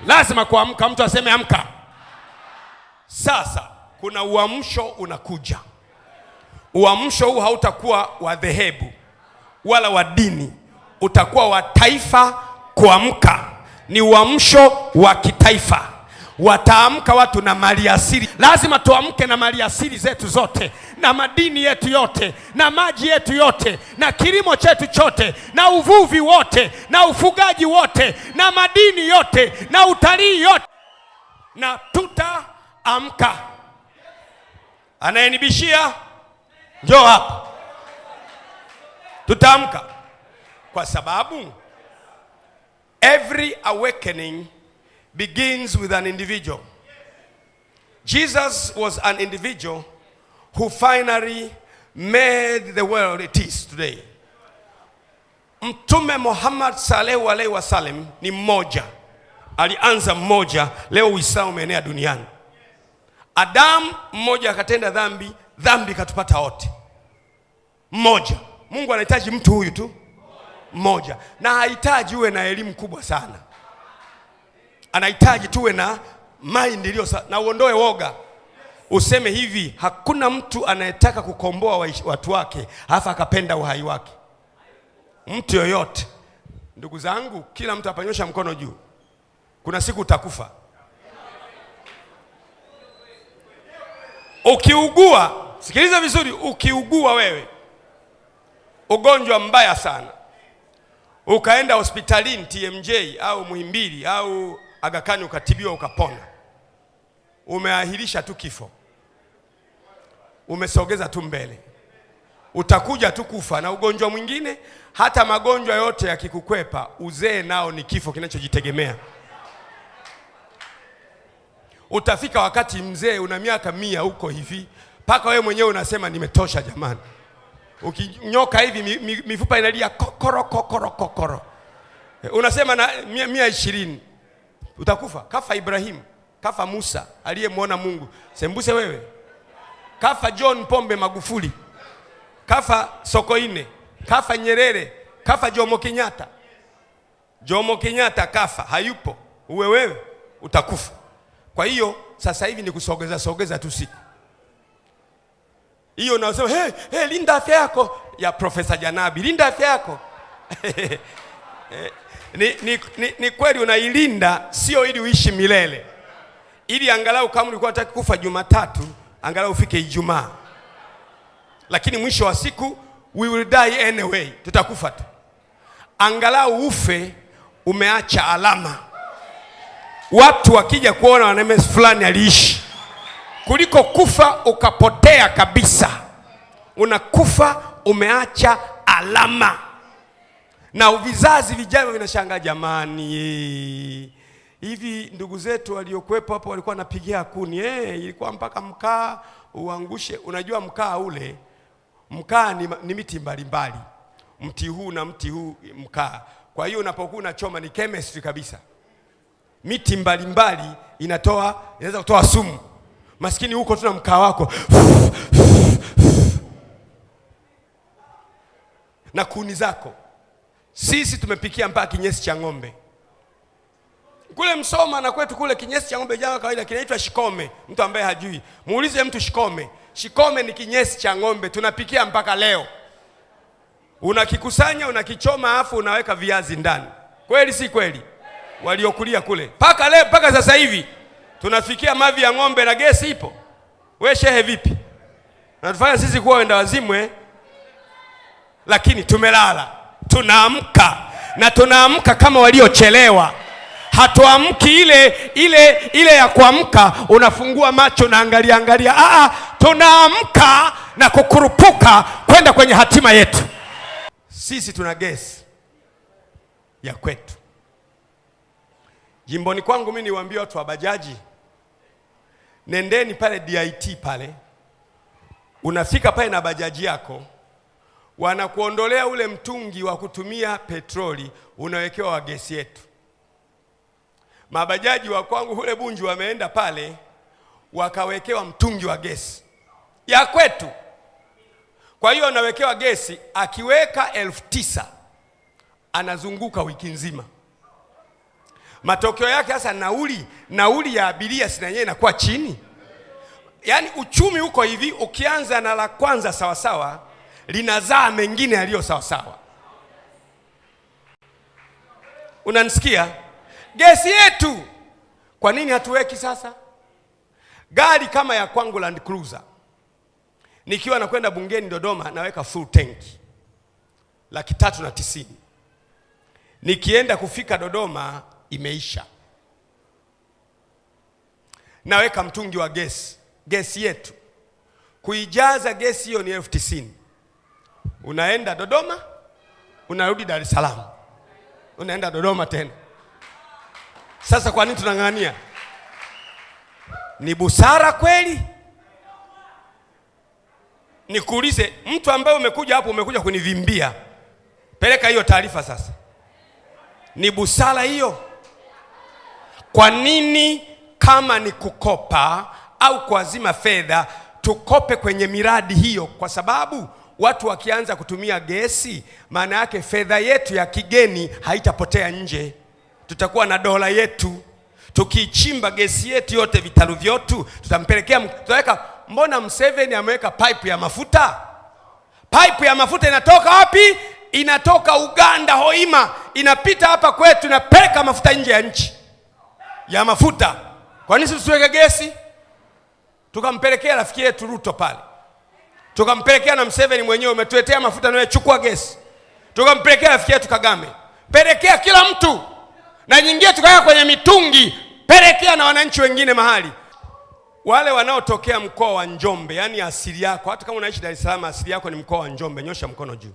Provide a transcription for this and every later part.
Lazima kuamka, mtu aseme amka. Sasa kuna uamsho unakuja. Uamsho huu hautakuwa wa dhehebu wala wa dini, utakuwa wa taifa kuamka. Ni uamsho wa kitaifa wataamka watu na mali asili. Lazima tuamke na mali asili zetu zote na madini yetu yote na maji yetu yote na kilimo chetu chote na uvuvi wote na ufugaji wote na madini yote na utalii yote, na tutaamka. Anayenibishia njoo hapa, tutaamka kwa sababu every awakening begins with an individual. Jesus was an individual who finally made the world it is today. Mtume Muhammad sallallahu alaihi wasallam ni mmoja, alianza mmoja, leo Uislamu umeenea duniani. Adamu mmoja akatenda dhambi, dhambi katupata wote. Mmoja. Mungu anahitaji mtu huyu tu mmoja, na hahitaji uwe na elimu kubwa sana anahitaji tuwe na mind iliyo na uondoe woga useme hivi, hakuna mtu anayetaka kukomboa watu wake alafu akapenda uhai wake. Mtu yoyote, ndugu zangu, kila mtu apanyosha mkono juu, kuna siku utakufa. Ukiugua, sikiliza vizuri, ukiugua wewe ugonjwa mbaya sana, ukaenda hospitalini TMJ au Muhimbili au Agakani ukatibiwa ukapona. Umeahirisha tu kifo, umesogeza tu mbele, utakuja tu kufa na ugonjwa mwingine. Hata magonjwa yote yakikukwepa, uzee nao ni kifo kinachojitegemea. Utafika wakati mzee una miaka mia huko hivi, mpaka wewe mwenyewe unasema nimetosha jamani. Ukinyoka hivi mifupa inalia kokoro kokoro kokoro, unasema na mia ishirini utakufa. Kafa Ibrahimu, kafa Musa aliyemwona Mungu, sembuse wewe. Kafa John Pombe Magufuli, kafa Sokoine, kafa Nyerere, kafa Jomo Kenyatta. Jomo Kenyatta kafa, hayupo. Uwe wewe utakufa. Kwa hiyo sasa hivi ni kusogeza sogeza tu siku hiyo unasema hey, hey, linda afya yako ya Profesa Janabi, linda afya yako Eh, ni, ni, ni, ni kweli unailinda, sio ili uishi milele, ili angalau kama ulikuwa unataka kufa Jumatatu angalau ufike Ijumaa, lakini mwisho wa siku we will die anyway, tutakufa tu. Angalau ufe umeacha alama, watu wakija kuona wanamea fulani aliishi, kuliko kufa ukapotea kabisa. Unakufa umeacha alama na vizazi vijavyo vinashangaa, jamani Hivi ndugu zetu waliokuwepo hapo walikuwa wanapigia kuni eh, ilikuwa mpaka mkaa uangushe. Unajua mkaa ule, mkaa ni, ni miti mbalimbali mbali. Mti huu na mti huu mkaa. Kwa hiyo unapokuwa unachoma ni chemistry kabisa, miti mbalimbali mbali inatoa inaweza kutoa sumu. Maskini huko tuna mkaa wako na kuni zako sisi tumepikia mpaka kinyesi cha ng'ombe kule Msoma na kwetu kule, kinyesi cha ng'ombe jana kawaida kinaitwa shikome. Mtu ambaye hajui muulize mtu shikome. Shikome ni kinyesi cha ng'ombe, tunapikia mpaka leo. Unakikusanya, unakichoma, afu unaweka viazi ndani. Kweli si kweli? Waliokulia kule mpaka leo, mpaka sasa hivi tunafikia mavi ya ng'ombe na gesi ipo. We shehe, vipi? Natufanya sisi kuwa wenda wazimwe, eh? lakini tumelala tunaamka na tunaamka kama waliochelewa. Hatuamki ile ile ile ya kuamka unafungua macho na angalia angalia. Aa, ah, ah, tunaamka na kukurupuka kwenda kwenye hatima yetu. Sisi tuna gesi ya kwetu. Jimboni kwangu mimi niwaambie watu wa bajaji, nendeni pale DIT pale, unafika pale na bajaji yako wanakuondolea ule mtungi wa kutumia petroli, unawekewa wa gesi yetu. Mabajaji wa kwangu hule Bunju wameenda pale wakawekewa mtungi wa gesi ya kwetu. Kwa hiyo anawekewa gesi, akiweka elfu tisa anazunguka wiki nzima. Matokeo yake sasa, nauli nauli ya abiria sina yeye inakuwa chini. Yaani uchumi uko hivi, ukianza na la kwanza sawasawa linazaa mengine yaliyo sawasawa. Unanisikia? Gesi yetu kwa nini hatuweki sasa? Gari kama ya kwangu Land Cruiser, nikiwa nakwenda bungeni Dodoma naweka full tank laki tatu na tisini, nikienda kufika Dodoma imeisha, naweka mtungi wa gesi. Gesi yetu kuijaza gesi hiyo ni elfu tisini unaenda Dodoma, unarudi Dar es Salaam, unaenda Dodoma tena. Sasa kwa nini tunang'ang'ania? Ni busara kweli? Nikuulize, mtu ambaye umekuja hapo, umekuja kunivimbia, peleka hiyo taarifa sasa. Ni busara hiyo? Kwa nini kama ni kukopa au kuazima fedha tukope kwenye miradi hiyo? Kwa sababu watu wakianza kutumia gesi, maana yake fedha yetu ya kigeni haitapotea nje, tutakuwa na dola yetu. Tukiichimba gesi yetu yote vitalu vyotu tutampelekea, tutaweka. Mbona Mseveni ameweka pipe ya mafuta? Pipe ya mafuta inatoka wapi? Inatoka Uganda Hoima, inapita hapa kwetu, inapeleka mafuta nje ya nchi ya mafuta. Kwa nini tusiweke gesi tukampelekea rafiki yetu Ruto pale? tukampelekea na Mseveni mwenyewe, umetuletea mafuta nawe chukua gesi, tukampelekea rafiki yetu Kagame, pelekea kila mtu, na nyingine tukaweka kwenye mitungi, pelekea na wananchi wengine mahali wale wanaotokea mkoa wa Njombe, yaani asili yako, hata kama unaishi Dar es Salaam, asili yako ni mkoa wa Njombe, nyosha mkono juu.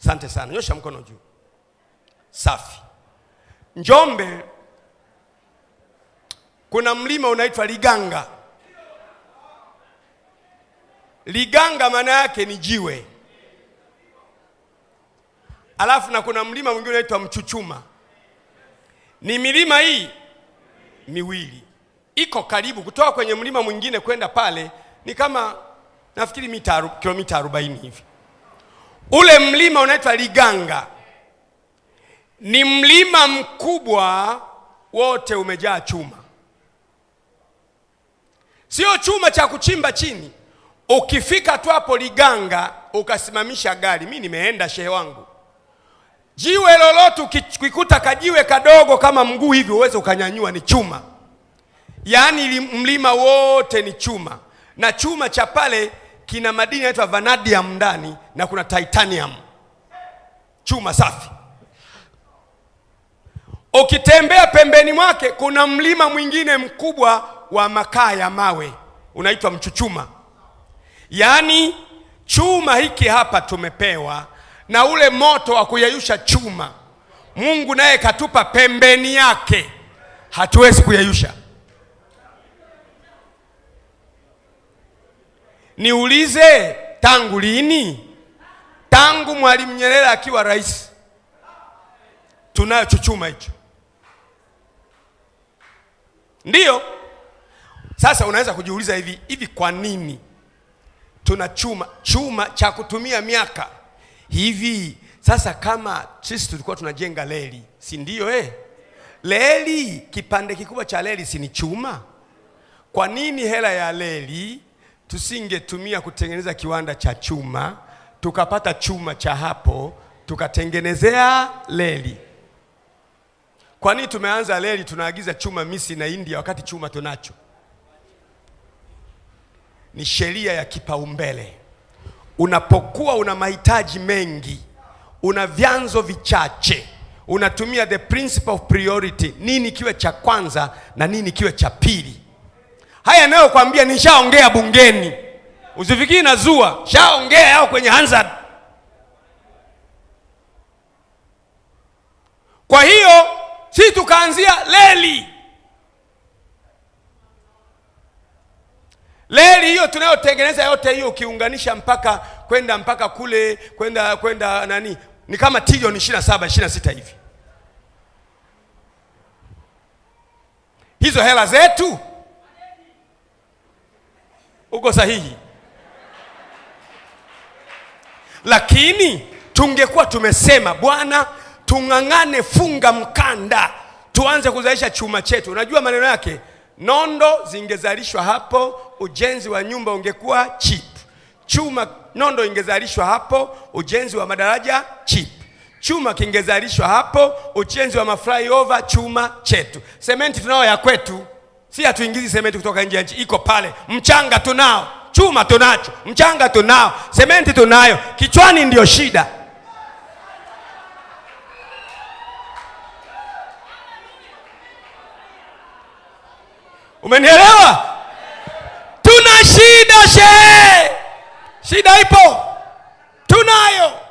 Asante sana, nyosha mkono juu. Safi. Njombe kuna mlima unaitwa Liganga. Liganga maana yake ni jiwe, alafu na kuna mlima mwingine unaitwa Mchuchuma. Ni milima hii miwili iko karibu, kutoka kwenye mlima mwingine kwenda pale ni kama nafikiri mita kilomita 40 hivi. Ule mlima unaitwa Liganga, ni mlima mkubwa, wote umejaa chuma, sio chuma cha kuchimba chini Ukifika tu hapo Liganga ukasimamisha gari, mi nimeenda shehe wangu, jiwe lolote ukikuta kajiwe kadogo kama mguu hivi, uweze ukanyanyua, ni chuma. Yaani mlima wote ni chuma, na chuma cha pale kina madini yanaitwa vanadium ndani na kuna titanium, chuma safi. Ukitembea pembeni mwake kuna mlima mwingine mkubwa wa makaa ya mawe unaitwa Mchuchuma Yaani chuma hiki hapa tumepewa na ule moto wa kuyayusha chuma, Mungu naye katupa pembeni yake, hatuwezi kuyayusha. Niulize, tangu lini? Tangu Mwalimu Nyerere akiwa rais, tunacho chuma hicho. Ndiyo, sasa unaweza kujiuliza hivi hivi, kwa nini tuna chuma chuma cha kutumia miaka hivi. Sasa kama sisi tulikuwa tunajenga leli si ndio eh? leli kipande kikubwa cha leli si ni chuma? Kwa nini hela ya leli tusingetumia kutengeneza kiwanda cha chuma, tukapata chuma cha hapo tukatengenezea leli Kwa nini tumeanza leli tunaagiza chuma misi na India wakati chuma tunacho? ni sheria ya kipaumbele. Unapokuwa una mahitaji mengi, una vyanzo vichache, unatumia the principle of priority, nini kiwe cha kwanza na nini kiwe cha pili. Haya yanayokwambia nishaongea bungeni, usifikiri na zua shaongea yao kwenye Hansard. Kwa hiyo si tukaanzia leli leli hiyo tunayotengeneza yote hiyo ukiunganisha mpaka kwenda mpaka kule kwenda kwenda nani, ni kama trilioni 27 26 hivi. Hizo hela zetu, uko sahihi, lakini tungekuwa tumesema Bwana, tung'ang'ane, funga mkanda, tuanze kuzalisha chuma chetu. Unajua maneno yake nondo zingezalishwa hapo, ujenzi wa nyumba ungekuwa cheap. Chuma nondo ingezalishwa hapo, ujenzi wa madaraja cheap. Chuma kingezalishwa hapo, ujenzi wa maflyover chuma chetu. Sementi tunao ya kwetu, si hatuingizi sementi kutoka nje ya nchi, iko pale. Mchanga tunao, chuma tunacho, mchanga tunao, sementi tunayo, kichwani ndio shida. Umenielewa? Tuna shida shehe, shida ipo, tunayo.